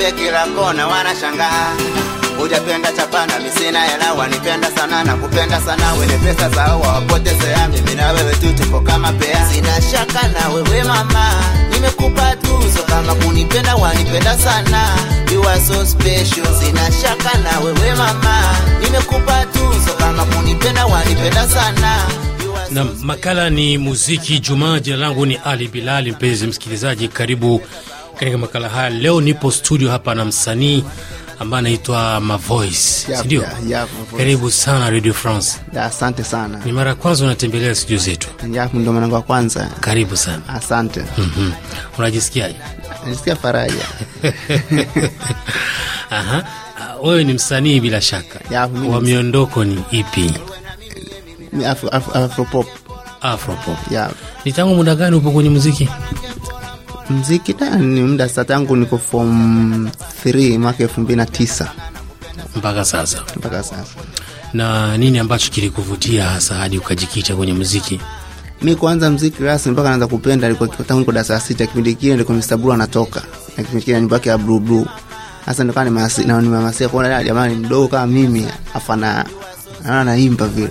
niambie, kila kona wanashangaa Ujapenda chapana, misina hela, wanipenda sana na kupenda sana, wene pesa zao wawapotezea. Mimi na wewe tu tuko kama pea, sina shaka na wewe mama, nimekupa tuzo kama kunipenda, wanipenda sana, you are so special. Sina shaka na wewe mama, nimekupa tuzo kama kunipenda, wanipenda sana na makala ni muziki Jumaa. Jina langu ni Ali Bilali. Mpenzi msikilizaji, karibu katika makala haya leo. Nipo studio hapa na msanii ambaye anaitwa Mavoice, sindio? Karibu sana Radio France. Asante sana. Ni mara ya kwanza unatembelea studio zetu? Ndio mwanangu wa kwanza. Karibu sana. Asante. Mm-hmm. Unajisikiaje? Najisikia faraja. Aha. Ah, wewe ni msanii bila shaka, wa miondoko ni ipi? Afropop. Afropop. Ni tangu muda gani upo kwenye muziki? mziki da ni muda sasa, tangu niko form 3 mwaka 2009 mpaka sasa, mpaka sasa. Na nini ambacho kilikuvutia hasa hadi ukajikita kwenye muziki? Mi kwanza mziki rasmi mpaka naanza kupenda ilikuwa tangu niko darasa sita. Kipindi kile ndiko Mr Blue anatoka na kipindi kile nyumba yake ya blue blue, hasa ndio kana nimehamasika kuona jamaa ni mdogo kama mimi, afana anaimba naimba vile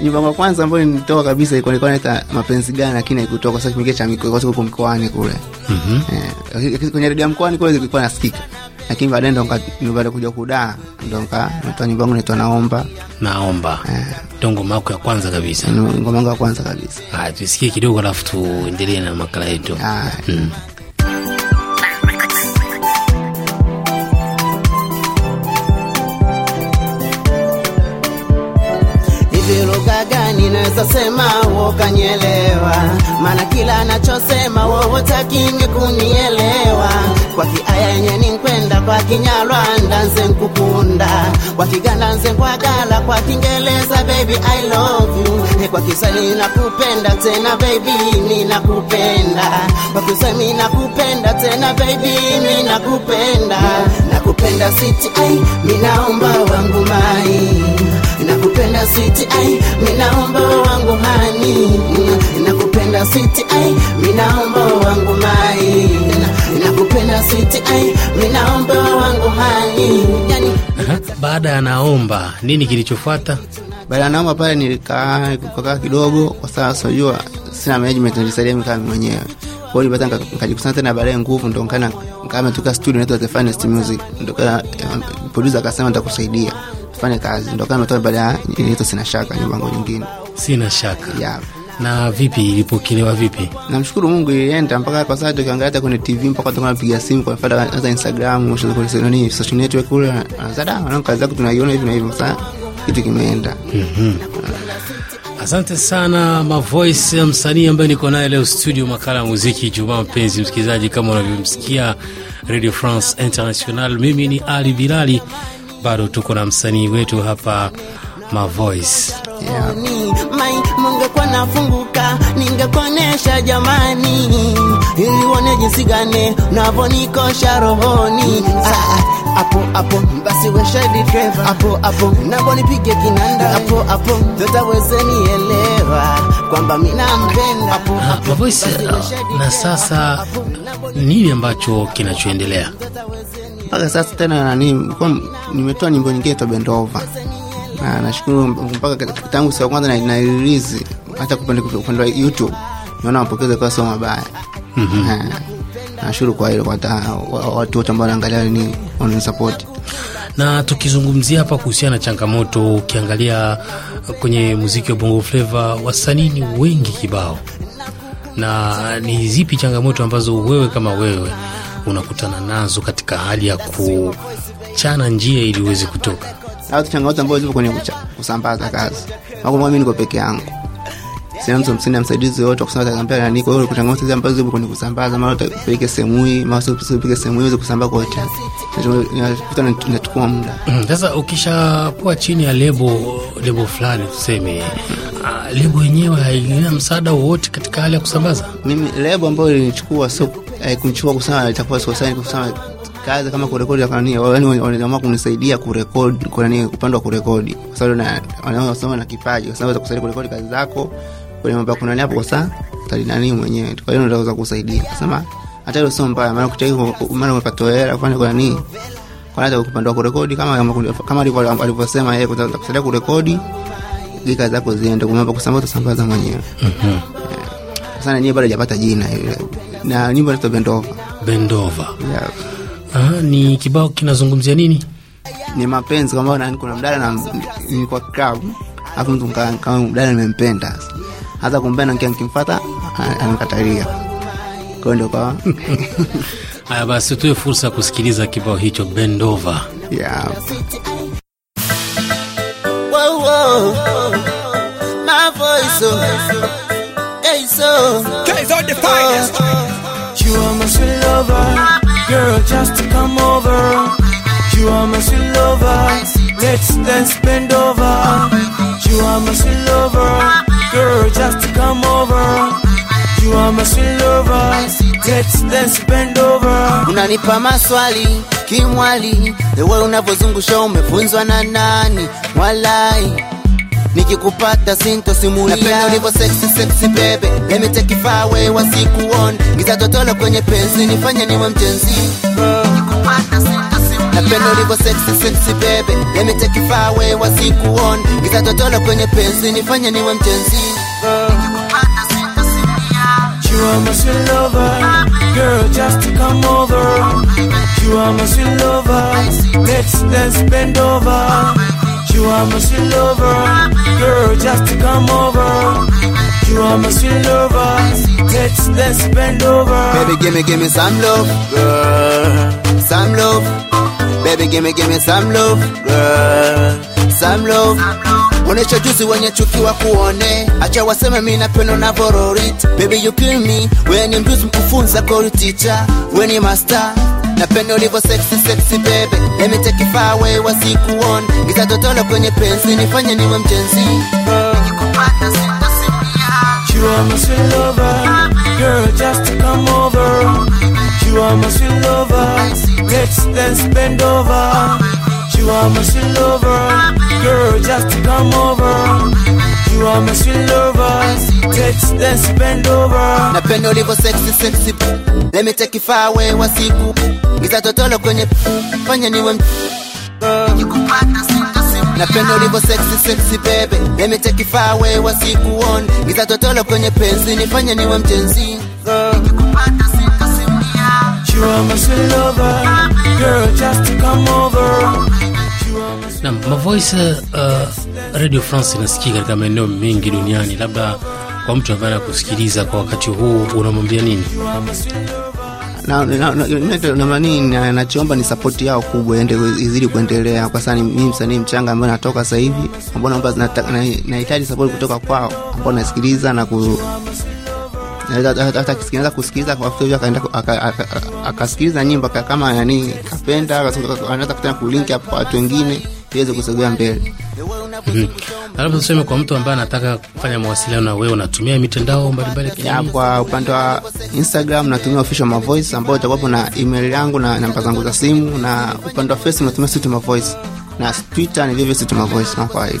nyumba ya kwanza ambayo nilitoka kabisa ilikuwa ilikuwa mapenzi gani, lakini haikutoka sasa kimekea cha mikoa kwa sababu mkoani kule mhm eh, kwenye redio mkoani kule ilikuwa nasikika, lakini baadaye ndo nikaja kuja kudaa, ndo nikatoa nyumba yangu inaitwa naomba naomba eh, ndo ngoma yako ya kwanza kabisa? Ngoma yangu ya kwanza kabisa. Ah, tusikie kidogo, alafu tuendelee na makala yetu. Ah, mm. lugha gani naweza sema wokanyelewa? Maana kila anachosema wowotaki kunielewa Kwa kiaya nye ninkwenda, kwa kinyalwa ndanze nkukunda, kwa kiganda nze nkwagala, kwa kingeleza baby I love you, kwa kisali nakupenda tena baby ninakupenda, kwa kiswahili ninakupenda tena baby ninakupenda, nakupenda siti ai, minaomba wangu mai nakupenda siti ai minaomba wangu mani nakupenda siti ai minaomba wangu mai nakupenda siti ai minaomba wangu mani yani baada ya naomba nini kilichofuata baada ya naomba pale nilikaa kukaa kidogo kwa sasa unajua sina management nilisaidia mimi kama mwenyewe kwa hiyo nipata nikajikusanya tena baadaye nguvu, ndo nkana kama tuka studio inaitwa The Finest Music, ndo kana eh, producer akasema nitakusaidia nifanye kazi, ndio kama nimetoka baada ya inaitwa sina shaka, nyimbo yangu nyingine sina shaka yeah. Na vipi, ilipokelewa vipi? Namshukuru Mungu, ilienda mpaka kwa sasa, tukiangalia kwenye TV mpaka tukawa napiga simu kwa mfano hata Instagram, nini social network kule, sada na kazi yako tunaiona hivi na hivi, sasa kitu kimeenda. mm-hmm. Asante sana Mavoice ya msanii ambaye niko naye leo studio, makala ya muziki Jumaa. Mpenzi msikilizaji, kama unavyomsikia Radio France International, mimi ni Ali Bilali bado tuko na msanii wetu hapa Mavoice Mungekuwa nafunguka ningekuonesha jamani, ili uone jinsi gani navonikosha rohoni ah, basi driver nipige kinanda tutaweze nielewa kwamba mimi nampenda ah, Na sasa nini ambacho kinachoendelea? mpaka sasa tena nani, nimetoa nyimbo nyingine over na nashukuru mpaka tangu siku kwanza na release hata kupenda kupenda YouTube naona mapokezi kwa sio mabaya. Mhm. Eh, nashukuru kwa hilo kwa watu wote ambao wanaangalia ni support Na tukizungumzia hapa kuhusiana na changamoto, ukiangalia kwenye muziki wa Bongo Flava wasanii ni wengi kibao, na ni zipi changamoto ambazo wewe kama wewe unakutana nazo katika hali ya kuchana njia ili uweze kutoka, au changamoto ambazo zipo kwenye kusambaza kazi. Nakumbuka mimi niko peke yangu, sina mtu msaidizi, msaidizi wote kusema takampa na kwa hiyo. Changamoto zile ambazo zipo kwenye kusambaza, mara utapeleke sehemu hii, mara usipeleke sehemu hiyo, kusambaa wote nakuta inachukua muda. Hmm, sasa ukishapoa chini ya lebo lebo fulani, tuseme ah, lebo yenyewe haina msaada wowote katika hali ya kusambaza. Mimi lebo ambayo ilinichukua sio eh, kunichukua kusema itakuwa sio sana kusema kazi kama kurekodi ya yani wanaamua kunisaidia kurekodi kwani upande wa kurekodi kwa sababu na wanasema na kipaji kwa sababu za kusaidia kurekodi kazi zako kwenye mambo ya nani hapo kwa sababu tali nani mwenyewe kwa hiyo ndio nitaweza kusaidia kasema hata ile sio mbaya maana kutai maana umepata hela kwani kwa nini kwa nini upande wa kurekodi kama kama alivyosema yeye kusaidia kurekodi kazi zako ziende kwa kumamba kusambaza sambaza mwenyewe mm-hmm sana yenyewe bado hajapata jina yule, na nyimbo inaitwa Bendova. Bendova, yeah. Aha, ni kibao kinazungumzia nini? Ni mapenzi kwa maana kuna mdada na kwa club, alafu mtu kama mdada nimempenda, hata kumpenda nikia nikimfuata anakatalia, kwa ndio kwa haya basi, tuwe fursa ya kusikiliza kibao hicho Bendova, yeah. wow, wow. My voice, oh. so. Guys are the finest. You are my sweet lover, girl, just to come over. You are my sweet lover, let's let's bend over. You are my sweet lover, girl, just to come over. You are my sweet lover, let's let's bend over. Unanipa maswali kimwali, The wewe unavyozungusha umefunzwa na nani? Mwalai nikikupata sintosimulia. Napenda ulivyo sexy sexy bebe let me take it far giza totolo kwenye penzi, nifanye niwe mjenzi nikikupata Napenda ulivyo sexy sexy bebe let me take it far giza totolo kwenye penzi, nifanye niwe mjenzi nikikupata You are my sweet lover, girl, just to come over. You are my sweet lover, let's let's bend over. You are my sweet lover, girl, just to come over. You are my sweet lover, let's let's bend over. Baby, give me, give me some love, girl, some love. Baby, give me, give me some love, girl, some love. Some love. Onyesha juzi wenye chuki wa kuone, acha waseme mimi napenda na favorite. Baby you kill me, wewe ni mjuzi mkufunza kori teacher, wewe ni master napenda ulivyo sexy sexy baby, let me take you far away, kwenye pensi, nifanye niwe You are my sweet lover, girl just come over. You are my sweet lover, let's bend over. You are my sweet lover, girl just come over. You are my sweet lover. Let's, let's bend over. Napenda livo sexy sexy, let me take it far away wasiku, giza totolo kwenye fanya niwe nikupata Napenda ulivyo sexy sexy baby, let me take it far away wasikuone, giza totolo kwenye pensi nifanye niwe mtenzi nikikupata sitasimia. You are my sweet lover, girl just come over na mavoice uh, Radio France inasikika katika maeneo mengi duniani. Labda kwa mtu ambaye anakusikiliza kwa wakati huu unamwambia nini? Nani nachiomba ni sapoti yao kubwa izidi kuendelea, kwa sababu mimi msanii mchanga ambaye natoka sasa hivi, ambao naomba nahitaji sapoti kutoka kwao ambao nasikiliza na ku hata kisikiliza kusikiliza akaenda akasikiliza nyimbo kama yani kapenda, anaweza kutana kulinki hapo watu wengine iweze kusogea mbele. Hmm. Alafu tuseme kwa mtu ambaye anataka kufanya mawasiliano na wewe, unatumia mitandao mbalimbali ya Kwa upande wa Instagram natumia official mavoice ambayo itakuwapo na email yangu na namba zangu za simu, na upande wa Facebook natumia Sweety voice na Twitter ni vivyo Sweety voice kama kawaida.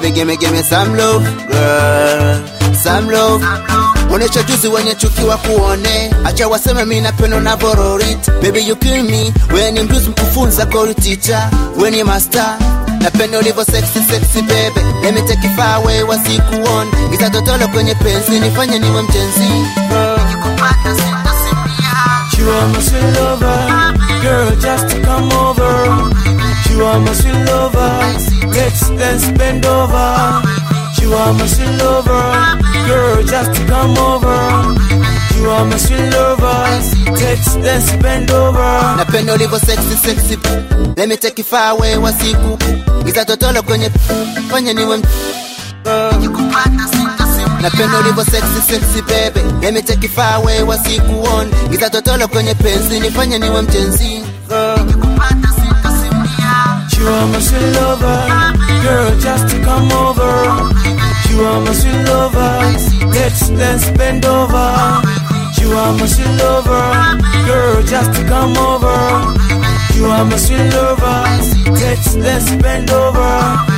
baby, give me, give me some love girl, some love. Onesha juzi wenye chuki wa kuone, acha waseme mimi napendo na bororit. Baby you kill me, wewe ni mjuzi mkufunza kori teacher, wewe ni master. Napenda ulivyo sexy sexy baby, let me take you far away wasikuone. Giza totolo kwenye pensi nifanye niwe mjenzi. Nikikupata sitasimia. You are my sweet lover, girl just to come over. You are my sweet lover. Let's, let's bend over You are my sweet lover Girl, just to come over You are my sweet lover Text, let's bend over Napenda ulivyo sexy, sexy Let me take you far away wasiku Giza totolo kwenye Fanya niwe Napenda ulivyo sexy, sexy baby Let me take you far away wasikuone Giza totolo kwenye penzi Nifanye niwe mjenzi You are my sweet lover girl just to come over. You are my sweet lover. Let's dance, bend over. You are my sweet lover. Girl just to come over. You are my sweet lover. Let's dance, bend over.